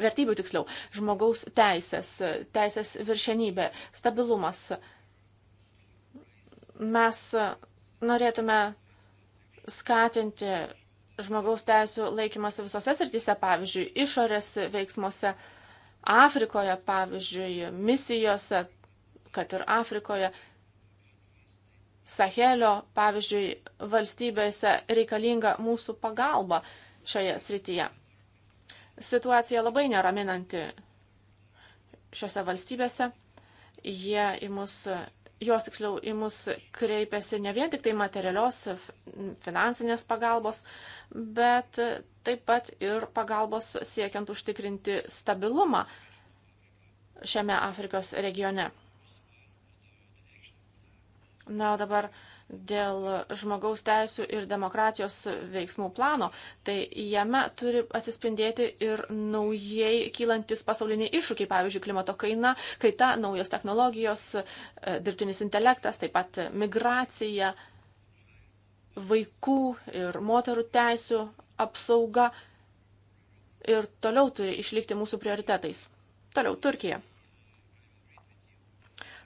vertybių tiksliau, žmogaus teisės, teisės viršenybė, stabilumas, Mes e, norėtume skatinti žmogaus teisų laikymasi visose srityse, pavyzdžiui, išorės veiksmuose, Afrikoje, pavyzdžiui, misijose, kad ir Afrikoje, Sahelio, pavyzdžiui, valstybėse reikalinga mūsų pagalba šioje srityje. Situacija labai neraminanti šiuose valstybėse. Jie į mus jos tiksliau į mus kreipiasi ne vien tik tai materialios finansinės pagalbos, bet taip pat ir pagalbos siekiant užtikrinti stabilumą šiame Afrikos regione. Na, o dabar dėl žmogaus teisų ir demokratijos veiksmų plano, tai jame turi atsispindėti ir naujai kylantis pasauliniai iššūkiai, pavyzdžiui, klimato kaina, kaita, naujos technologijos, e, dirbtinis intelektas, taip pat migracija, vaikų ir moterų teisų apsauga ir toliau turi išlikti mūsų prioritetais. Toliau, Turkija.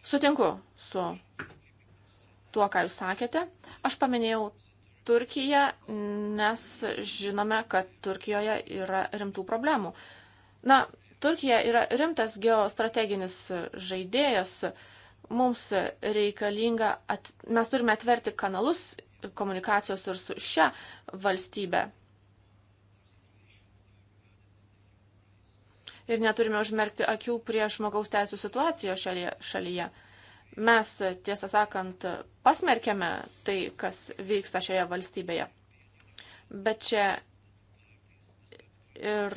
Sutinku su tuo, ką jūs sakėte. Aš paminėjau Turkiją, nes žinome, kad Turkijoje yra rimtų problemų. Na, Turkija yra rimtas geostrateginis žaidėjas. Mums reikalinga, at, mes turime atverti kanalus komunikacijos ir su šia valstybe. Ir neturime užmerkti akių prieš žmogaus teisų situaciją šalyje. šalyje. Mes, tiesą sakant, pasmerkėme tai, kas vyksta šioje valstybėje. Bet čia ir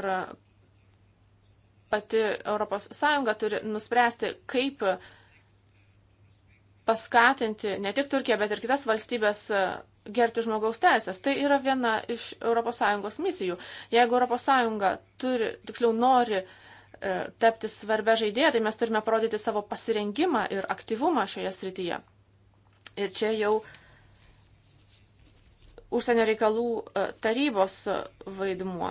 pati ES turi nuspręsti, kaip paskatinti ne tik Turkiją, bet ir kitas valstybės gerti žmogaus teisės. Tai yra viena iš ES misijų. Jeigu ES turi, tiksliau, nori uh, E, tapti svarbia žaidėja, tai mes turime parodyti savo pasirengimą ir aktyvumą šioje srityje. Ir čia jau užsienio reikalų e, tarybos vaidmuo.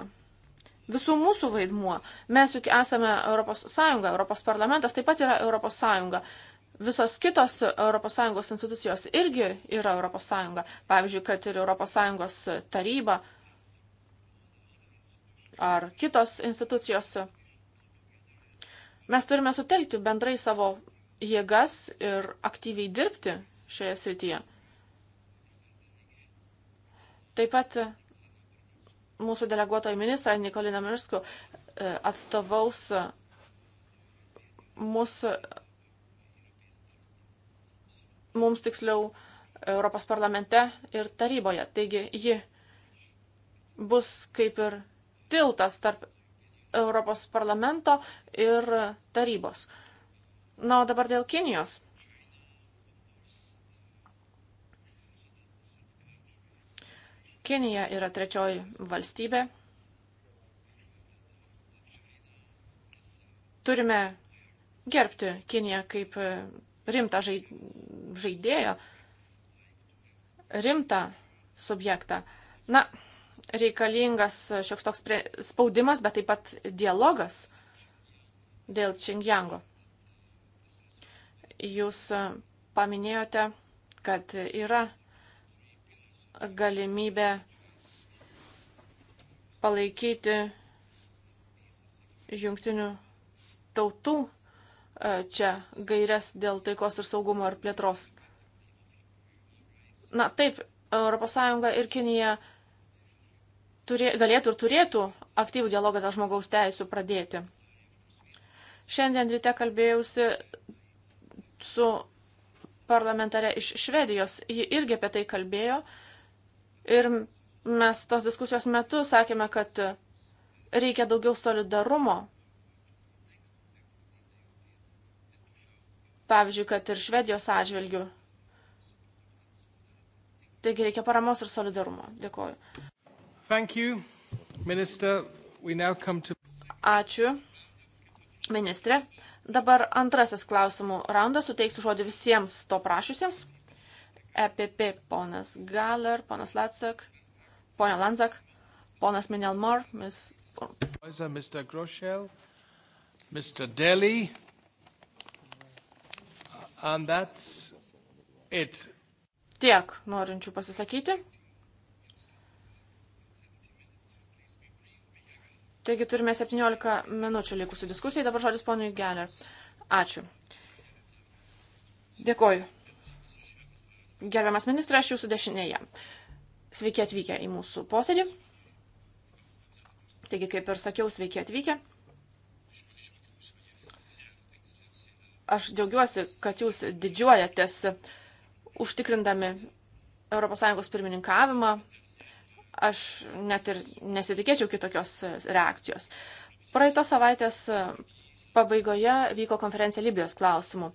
Visų mūsų vaidmuo. Mes juk esame Europos Sąjunga, Europos parlamentas taip pat yra Europos Sąjunga. Visos kitos ES institucijos irgi yra ES. Pavyzdžiui, kad ir ES taryba ar kitos institucijos Mes turime sutelkti bendrai savo jėgas ir aktyviai dirbti šioje srityje. Taip pat e, mūsų deleguotoji ministra Nikolina Mirsku e, atstovaus e, mūsų, mums tiksliau Europos parlamente ir taryboje. Taigi ji bus kaip ir tiltas tarp Europos parlamento ir tarybos. Na, o dabar dėl Kinijos. Kinija yra trečioji valstybė. Turime gerbti Kiniją kaip rimtą žaidėją, rimtą subjektą. Na, reikalingas e, šioks toks spaudimas, bet taip pat dialogas dėl Čingjango. Jūs e, paminėjote, kad yra galimybė palaikyti jungtinių tautų e, čia gairias dėl taikos ir saugumo ir plėtros. Na taip, ES ir Kinija turė, galėtų ir turėtų aktyvų dialogą dėl žmogaus teisų pradėti. Šiandien ryte kalbėjausi su parlamentare iš Švedijos. Ji irgi apie tai kalbėjo. Ir mes tos diskusijos metu sakėme, kad reikia daugiau solidarumo. Pavyzdžiui, kad ir Švedijos atžvilgių. Taigi reikia paramos ir solidarumo. Dėkuoju. Thank you, Minister. We now come to... Ačiū, ministrė. Dabar antrasis klausimų raundas. Suteiksiu žodį visiems to prašysiems. EPP ponas Galer, ponas Latsak, ponia Lanzak, ponas Minelmar, mis... Mr. Groschel, Mr. Deli, and that's it. Tiek norinčių pasisakyti. Taigi turime 17 minučių likusių diskusijai. Dabar žodis ponui Geller. Ačiū. Dėkoju. Gerbiamas ministras, aš jūsų dešinėje. Sveiki atvykę į mūsų posėdį. Taigi, kaip ir sakiau, sveiki atvykę. Aš džiaugiuosi, kad jūs didžiuojatės užtikrindami ES pirmininkavimą Aš net ir nesitikėčiau kitokios e, reakcijos. Praeitos savaitės e, pabaigoje vyko konferencija Libijos klausimų.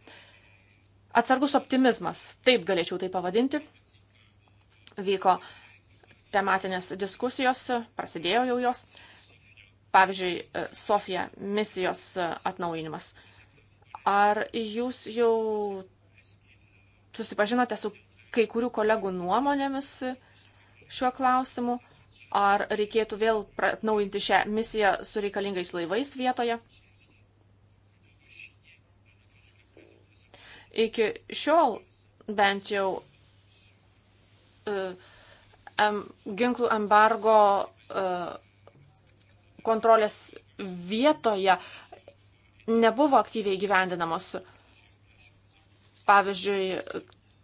Atsargus optimizmas, taip galėčiau tai pavadinti. Vyko tematinės diskusijos, e, prasidėjo jau jos. Pavyzdžiui, Sofija misijos atnaujinimas. Ar jūs jau susipažinote su kai kurių kolegų nuomonėmis? šiuo klausimu, ar reikėtų vėl atnaujinti šią misiją su reikalingais laivais vietoje. Iki šiol bent jau uh, em, ginklų embargo uh, kontrolės vietoje nebuvo aktyviai gyvendinamos. Pavyzdžiui,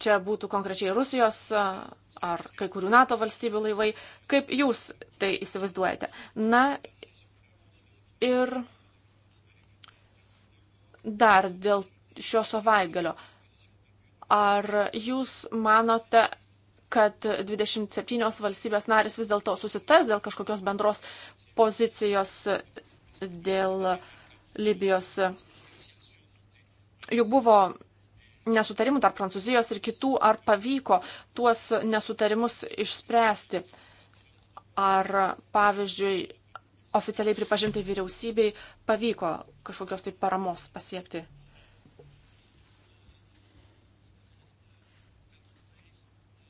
čia būtų konkrečiai Rusijos ar kai kurių NATO valstybių laivai. Kaip jūs tai įsivaizduojate? Na ir dar dėl šio savaitgalio. Ar jūs manote, kad 27 valstybės narės vis dėlto susitas dėl kažkokios bendros pozicijos dėl Libijos? Juk buvo nesutarimų tarp Prancūzijos ir kitų, ar pavyko tuos nesutarimus išspręsti. Ar, pavyzdžiui, oficialiai pripažintai vyriausybei pavyko kažkokios tai paramos pasiekti.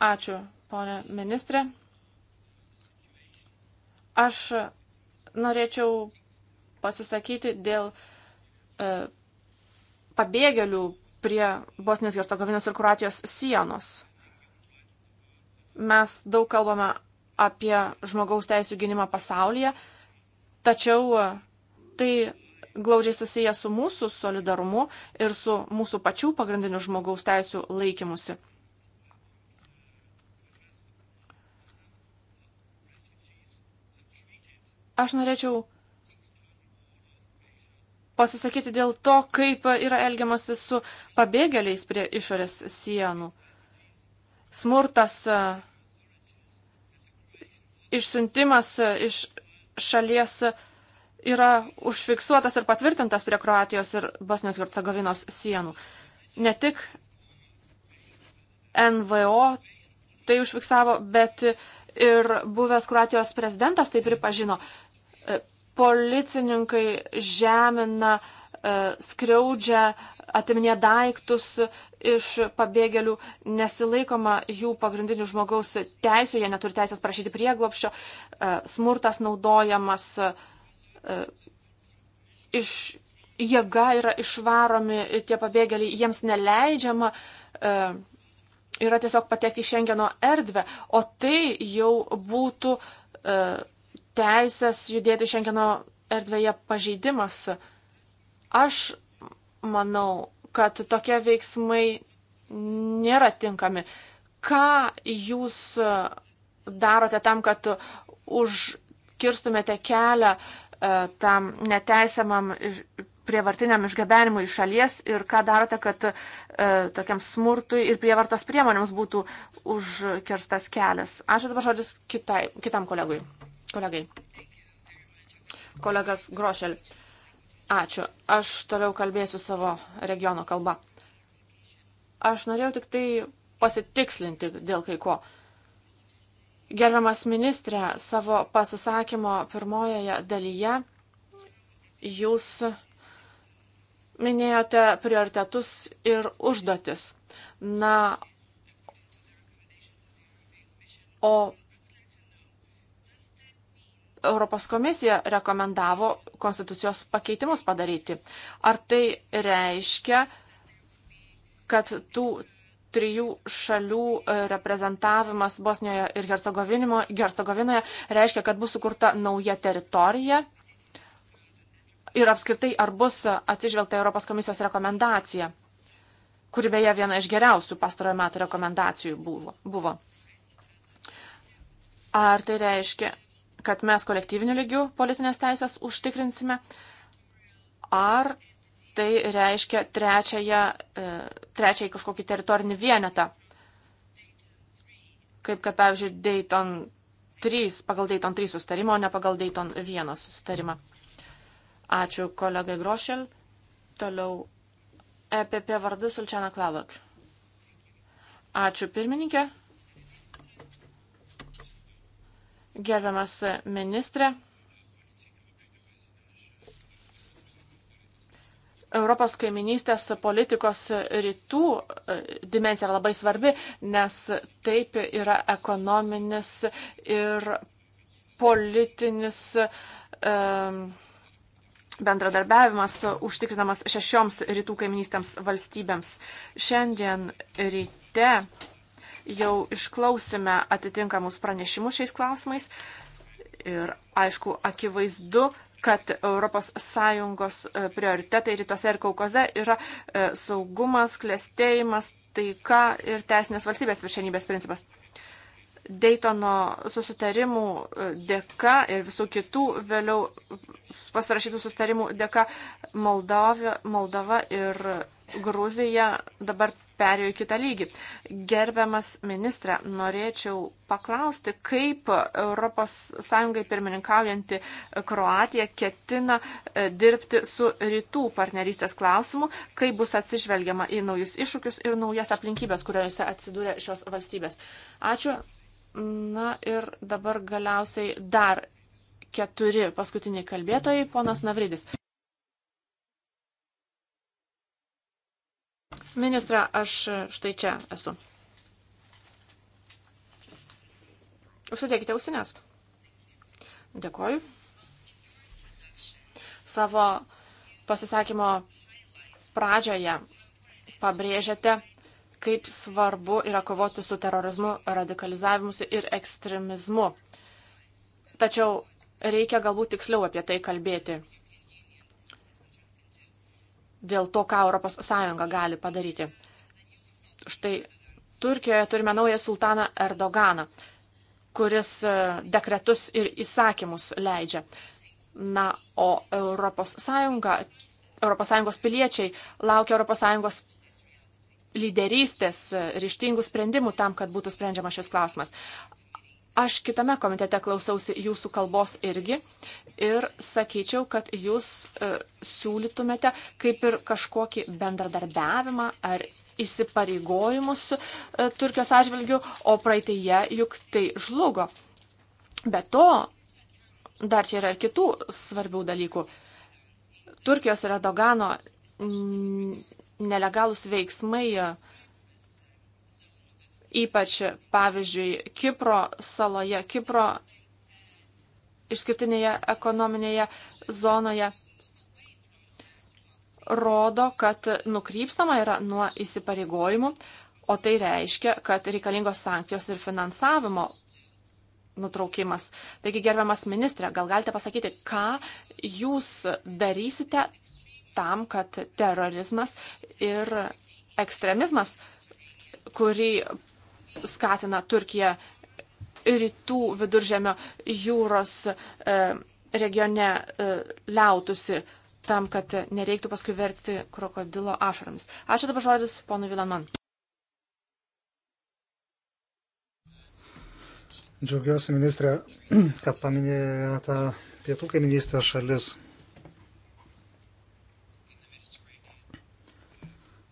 Ačiū, ponė ministrė. Aš norėčiau pasisakyti dėl e, pabėgėlių prie Bosnijos Hercegovinos ir Kroatijos sienos. Mes daug kalbame apie žmogaus teisų gynimą pasaulyje, tačiau e, tai glaudžiai susiję su mūsų solidarumu ir su mūsų pačių pagrindinių žmogaus teisų laikymusi. Aš norėčiau pasisakyti dėl to, kaip yra elgiamasi su pabėgėliais prie išorės sienų. Smurtas, išsiuntimas iš šalies yra užfiksuotas ir patvirtintas prie Kroatijos ir Bosnijos Hercegovinos sienų. Ne tik NVO tai užfiksavo, bet ir buvęs Kroatijos prezidentas tai pripažino policininkai žemina, e, skriaudžia, atiminė daiktus iš pabėgėlių, nesilaikoma jų pagrindinių žmogaus teisų, jie neturi teisės prašyti prieglopščio, e, smurtas naudojamas, e, iš jėga yra išvaromi tie pabėgėliai, jiems neleidžiama yra tiesiog patekti į Šengeno erdvę, o tai jau būtų teisės judėti Šengeno erdvėje pažeidimas. Aš manau, kad tokie veiksmai nėra tinkami. Ką jūs darote tam, kad užkirstumėte kelią e, tam neteisamam prievartiniam išgabenimui iš šalies ir ką darote, kad e, tokiam smurtui ir prievartos priemonėms būtų užkirstas kelias. Ačiū dabar žodis kitai, kitam kolegui. Kolegai. Kolegas Grošel. Ačiū. Aš toliau kalbėsiu savo regiono kalba. Aš norėjau tik tai pasitikslinti dėl kai ko. Gerbiamas ministrė, savo pasisakymo pirmojoje dalyje jūs minėjote prioritetus ir užduotis. Na, o Europos komisija rekomendavo konstitucijos pakeitimus padaryti. Ar tai reiškia, kad tų trijų šalių e, reprezentavimas Bosnijoje ir Hercegovinoje reiškia, kad bus sukurta nauja teritorija? Ir apskritai, ar bus atsižvelgta Europos komisijos rekomendacija, kuri beje viena iš geriausių pastarojo metų rekomendacijų buvo. buvo. Ar tai reiškia, kad mes kolektyviniu lygiu politinės teisės užtikrinsime, ar tai reiškia trečiąją, e, trečiąjį kažkokį teritorinį vienetą, kaip kad, pavyzdžiui, Dayton 3, pagal Dayton 3 sustarimą, o ne pagal Dayton 1 sustarimą. Ačiū kolegai Grošel. Toliau EPP vardu Sulčiana Klavak. Ačiū pirmininkė. Gerbiamas ministrė, Europos kaiminystės politikos rytų e, dimencija labai svarbi, nes taip yra ekonominis ir politinis um, bendradarbiavimas užtikrinamas šešioms rytų kaiminystėms valstybėms. Šiandien ryte jau išklausėme atitinkamus pranešimus šiais klausimais ir aišku, akivaizdu, kad ES e, prioritetai rytuose ir kaukoze yra e, saugumas, klėstėjimas, taika ir teisinės valstybės viršenybės principas. Daytono susitarimų e, dėka ir visų kitų vėliau pasirašytų susitarimų dėka Moldavia, Moldava ir Gruzija dabar perėjo į kitą lygį. Gerbiamas ministrė, norėčiau paklausti, kaip ES pirmininkaujanti Kroatija ketina e, dirbti su rytų partnerystės klausimu, kaip bus atsižvelgiama į naujus iššūkius ir naujas aplinkybės, kuriuose atsidūrė šios valstybės. Ačiū. Na ir dabar galiausiai dar keturi paskutiniai kalbėtojai, ponas Navridis. Ministra, aš štai čia esu. Užsidėkite ausinės. Dėkoju. Savo pasisakymo pradžioje pabrėžiate, kaip svarbu yra kovoti su terorizmu, radikalizavimusi ir ekstremizmu. Tačiau reikia galbūt tiksliau apie tai kalbėti dėl to, ką ES gali padaryti. Štai Turkijoje turime naują sultaną Erdoganą, kuris e, dekretus ir įsakymus leidžia. Na, o ES, ES piliečiai laukia ES lyderystės e, ryštingų sprendimų tam, kad būtų sprendžiamas šis klausimas. Aš kitame komitete klausiausi jūsų kalbos irgi ir sakyčiau, kad jūs e, siūlytumėte kaip ir kažkokį bendradarbiavimą ar įsipareigojimus e, Turkijos atžvilgių, o praeitėje juk tai žlugo. Be to, dar čia yra ir kitų svarbių dalykų. Turkijos ir Erdogano nelegalus veiksmai e, Ypač, pavyzdžiui, Kipro saloje, Kipro išskirtinėje ekonominėje zonoje rodo, kad nukrypstama yra nuo įsipareigojimų, o tai reiškia, kad reikalingos sankcijos ir finansavimo nutraukimas. Taigi, gerbiamas ministrė, gal galite pasakyti, ką jūs darysite tam, kad terorizmas ir ekstremizmas, kurį skatina Turkiją rytų viduržėmio jūros e, regione e, liautusi tam, kad nereiktų paskui verti krokodilo ašaromis. Ačiū dabar žodis, ponu Vilanman. Džiaugiuosi, ministrė, kad paminėjote pietų kaiminystės šalis.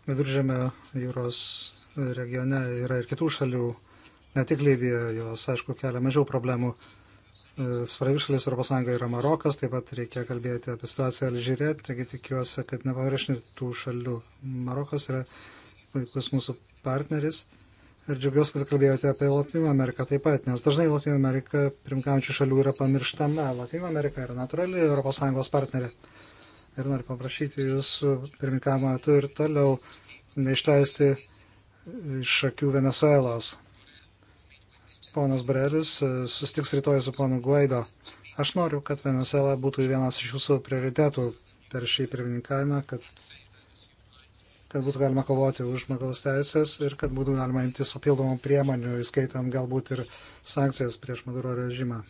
Viduržėmio jūros regione yra ir kitų šalių, ne tik Libija, jos, aišku, kelia mažiau problemų. E, svarbi šalis Europos Sąjunga yra Marokas, taip pat reikia kalbėti apie situaciją Alžyrė, taigi tikiuosi, kad nepaviršinė tų šalių. Marokas yra puikus mūsų partneris. Ir džiaugiuosi, kad kalbėjote apie Latino Ameriką taip pat, nes dažnai Latino Amerika primkaujančių šalių yra pamirštama. Latino Amerika yra natūrali ES partnerė. Ir noriu paprašyti jūsų pirmininkavimo metu ir toliau neišleisti iš akių Venezuelos. Ponas Breris e, sustiks rytoj su ponu Guaido. Aš noriu, kad Venezuela būtų vienas iš jūsų prioritetų per šį pirmininkavimą, kad, kad būtų galima kovoti už žmogaus teisės ir kad būtų galima imtis papildomų priemonių, įskaitant galbūt ir sankcijas prieš Maduro režimą.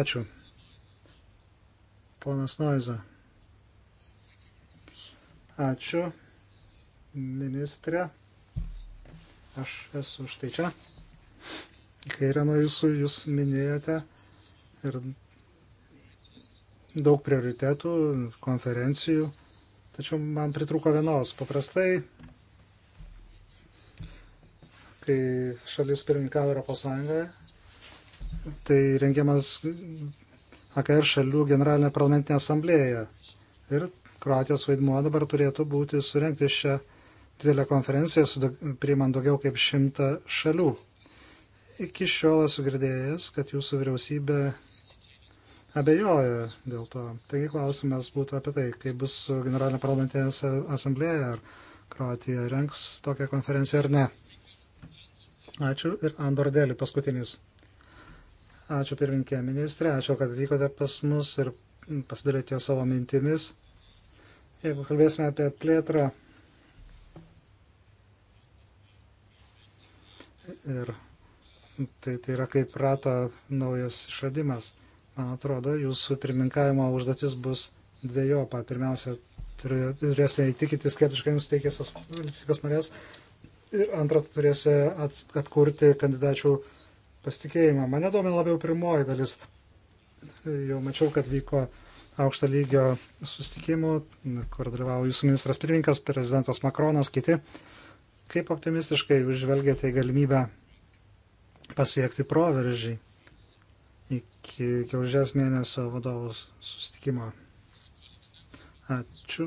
Ačiū. Ponas Noiza. Ačiū, ministrė. Aš esu štai čia. Kairę nuo jūsų jūs minėjote ir daug prioritetų, konferencijų, tačiau man pritruko vienos. Paprastai, kai šalis pirmininkavo Europos Sąjungoje, tai rengiamas AKR šalių generalinė parlamentinė asamblėja. Ir Kroatijos vaidmuo dabar turėtų būti surenkti šią didelę konferenciją, su, priimant daugiau kaip šimtą šalių. Iki šiol esu girdėjęs, kad jūsų vyriausybė abejoja dėl to. Taigi klausimas būtų apie tai, kaip bus su generalinė parlamentė asamblėje, ar Kroatija renks tokią konferenciją ar ne. Ačiū ir Andor Dėlį paskutinis. Ačiū pirminkė ministrė, ačiū, kad vykote pas mus ir pasidalėjote savo mintimis. Jeigu kalbėsime apie plėtrą, Ir tai, tai yra kaip rato naujas išradimas. Man atrodo, jūsų pirmininkavimo užduotis bus dviejopa. Pirmiausia, turėsite įtikinti skeptiškai nusteikęs valstybės narės. Ir antra, turėsite atkurti kandidačių pasitikėjimą. Mane domina labiau pirmoji dalis. Jau mačiau, kad vyko aukšto lygio sustikimų, kur dalyvavo jūsų ministras pirmininkas, prezidentas Makronas, kiti. Uh, Kaip optimistiškai užvelgėte galimybę pasiekti proveržį iki kiaužės mėnesio vadovus sustikimo? Ačiū.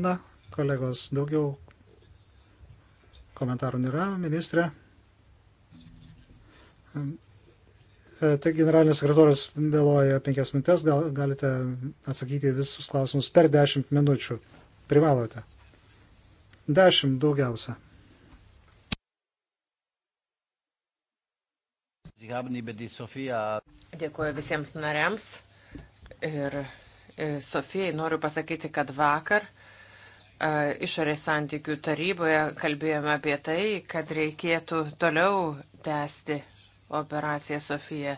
Na, kolegos, daugiau komentarų nėra, ministrė. Tai generalinis sekretorius vėloja penkias minutės, gal, galite atsakyti visus klausimus per dešimt minučių. Privalote. Dešimt daugiausia. Dėkuoju visiems nariams ir e, Sofijai noriu pasakyti, kad vakar e, išorės santykių taryboje kalbėjome apie tai, kad reikėtų toliau tęsti operaciją Sofija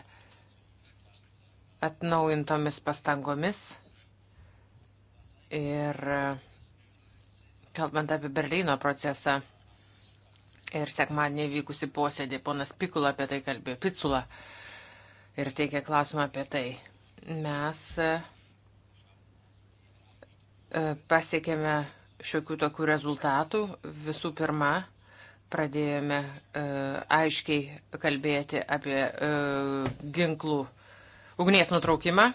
atnaujintomis pastangomis. Ir e, kalbant apie Berlyno procesą, ir sekmadienį vykusi posėdį. Ponas Pikula apie tai kalbėjo, Picula, ir teikė klausimą apie tai. Mes e, e, pasiekėme šiokių tokių rezultatų. Visų pirma, pradėjome e, aiškiai kalbėti apie ginklų ugnies nutraukimą.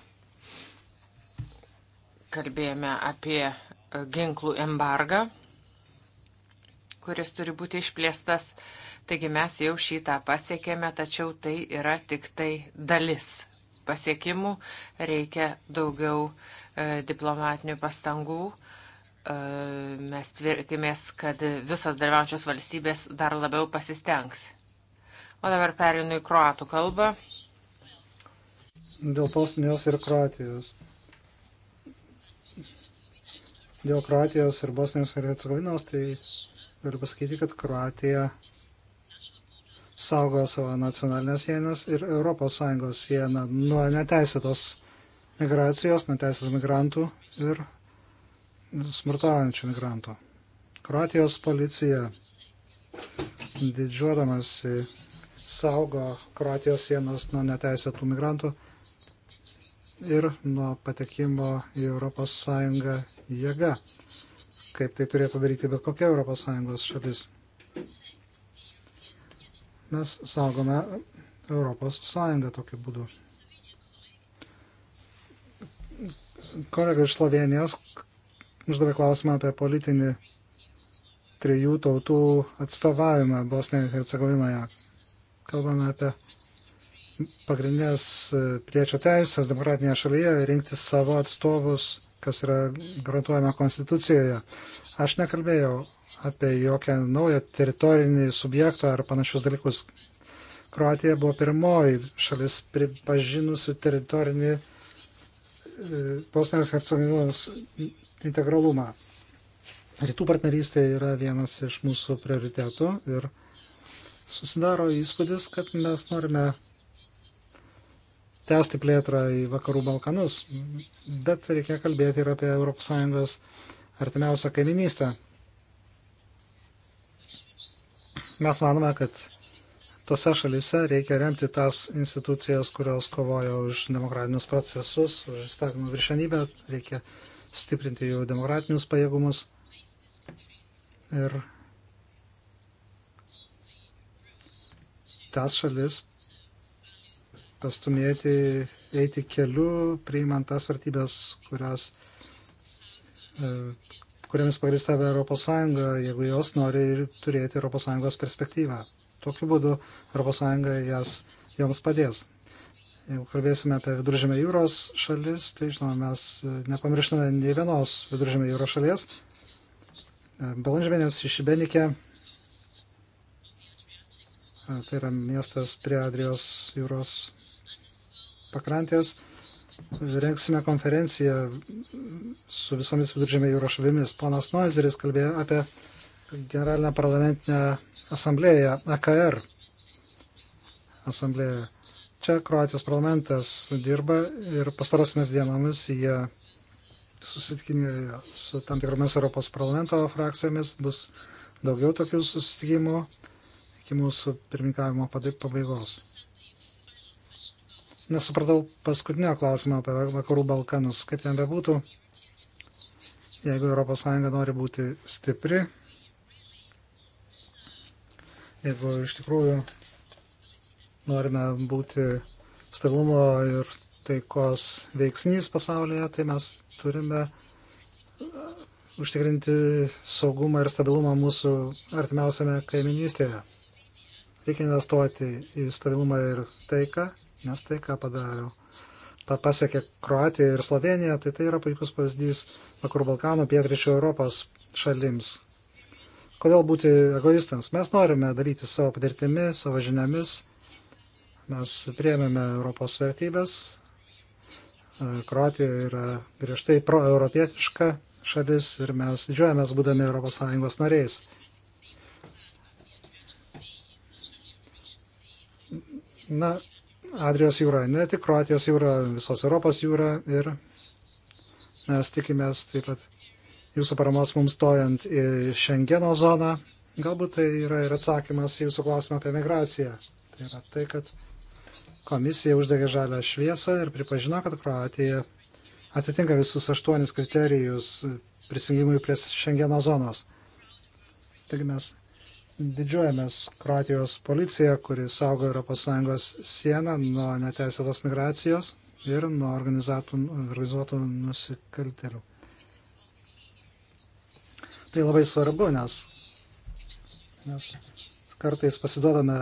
Kalbėjome apie ginklų embargą kuris turi būti išplėstas. Taigi mes jau šitą pasiekėme, tačiau tai yra tik tai dalis pasiekimų. Reikia daugiau e, diplomatinių pastangų. E, mes tvirkimės, kad visos dalyvaujančios valstybės dar labiau pasistengs. O dabar perinu į kroatų kalbą. Dėl Bosnijos ir Kroatijos dėl Kroatijos ir Bosnijos ir Hercegovinos, tai Galiu pasakyti, kad Kroatija saugo savo nacionalinės sienas ir ES sieną nuo neteisėtos migracijos, neteisėtų migrantų ir smurtaujančių migrantų. Kroatijos policija didžiuodamasi saugo Kroatijos sienas nuo neteisėtų migrantų ir nuo patekimo į ES jėga kaip tai turėtų daryti bet kokia ES šalis. Mes saugome ES tokiu būdu. Kolega iš Slovenijos uždavė klausimą apie politinį trijų tautų atstovavimą Bosnijoje ir Hercegovinoje. Kalbame apie pagrindinės e, priečio teisės demokratinėje šalyje rinkti savo atstovus, kas yra garantuojama konstitucijoje. Aš nekalbėjau apie jokią naują teritorinį subjektą ar panašius dalykus. Kroatija buvo pirmoji šalis pripažinusi teritorinį e, Bosnijos Hercegovinos integralumą. Rytų partnerystė yra vienas iš mūsų prioritetų ir susidaro įspūdis, kad mes norime tęsti plėtrą į vakarų Balkanus, bet reikia kalbėti ir apie ES artimiausią kaiminystę. Mes manome, kad tose šalise reikia remti tas institucijas, kurios kovoja už demokratinius procesus, už įstatymų viršenybę, reikia stiprinti jų demokratinius pajėgumus ir tas šalis pastumėti, eiti keliu, priimant tas vartybės, kurios, e, kuriamis pagrįsta Europos Sąjunga, jeigu jos nori turėti Europos Sąjungos perspektyvą. Tokiu būdu Europos Sąjunga jas, joms padės. Jeigu kalbėsime apie viduržėmio jūros šalis, tai žinoma, mes e, nepamirštame nei vienos viduržėmio jūros šalies. E, Balandžmenės iš Benikė tai yra miestas prie Adrijos jūros pakrantės rengsime konferenciją su visomis viduržėmė jūros šavimis. Ponas Noizeris kalbėjo apie generalinę parlamentinę asamblėją, AKR asamblėją. Čia Kroatijos parlamentas dirba ir pastarosiamis dienomis jie susitikinėjo su tam tikromis Europos parlamento frakcijomis, bus daugiau tokių susitikimų iki mūsų pirmininkavimo pabaigos nesupratau paskutinio klausimo apie vakarų Balkanus. Kaip ten bebūtų, jeigu ES nori būti stipri, jeigu iš tikrųjų norime būti stabilumo ir taikos veiksnys pasaulyje, tai mes turime uh, užtikrinti saugumą ir stabilumą mūsų artimiausiame kaiminystėje. Reikia investuoti į stabilumą ir taiką Nes tai, ką padariau, pasiekė Kroatija ir Slovenija, tai tai yra puikus pavyzdys Vakarų Balkanų, Pietričio Europos šalims. Kodėl būti egoistams? Mes norime daryti savo patirtimi, savo žiniomis. Mes priemėme Europos vertybės. E, Kroatija yra griežtai proeuropietiška šalis ir mes didžiuojamės būdami ES nariais. Na, Adrijos jūra, ne tik Kroatijos jūra, visos Europos jūra ir mes tikimės taip pat jūsų paramos mums stojant į Šengeno zoną. Galbūt tai yra ir atsakymas į jūsų klausimą apie migraciją. Tai yra tai, kad komisija uždegė žalę šviesą ir pripažino, kad Kroatija atitinka visus aštuonis kriterijus prisijungimui prie Šengeno zonos. Taigi mes didžiuojamės Kroatijos policija, kuri saugo ES sieną nuo neteisėtos migracijos ir nuo organizuotų nusikaltelių. Tai labai svarbu, nes, nes kartais pasiduodame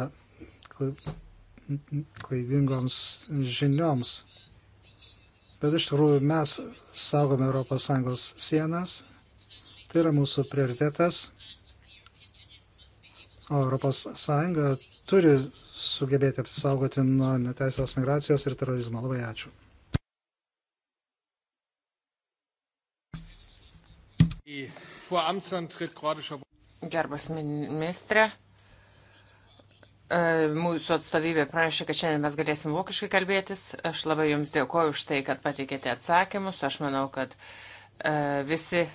klaidingoms žinioms. Bet iš tikrųjų mes saugome ES sienas, tai yra mūsų prioritetas O ES turi sugebėti apsisaugoti nuo neteisės migracijos ir terorizmo. Labai ačiū. Gerbas ministrė, e, mūsų atstovybė pranešė, kad šiandien mes galėsim vokiškai kalbėtis. Aš labai Jums dėkoju už tai, kad pateikėte atsakymus. Aš manau, kad e, visi e,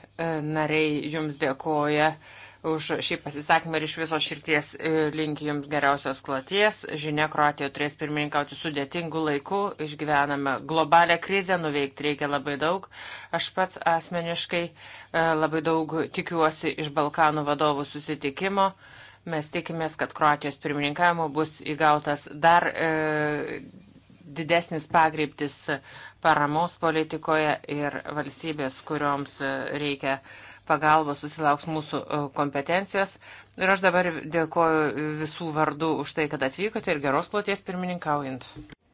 nariai Jums dėkoja už šį pasisakymą ir iš viso širties e, linkiu Jums geriausios kloties. Žinia, Kroatija turės pirmininkauti sudėtingų laikų, išgyvename globalią krizę, nuveikti reikia labai daug. Aš pats asmeniškai e, labai daug tikiuosi iš Balkanų vadovų susitikimo. Mes tikimės, kad Kroatijos pirmininkavimo bus įgautas dar. E, didesnis pagreiptis paramos politikoje ir valstybės, kurioms e, reikia uh, pagalbos susilauks mūsų e, kompetencijos. Ir aš dabar dėkoju visų vardų už tai, kad atvykote ir geros ploties pirmininkaujant.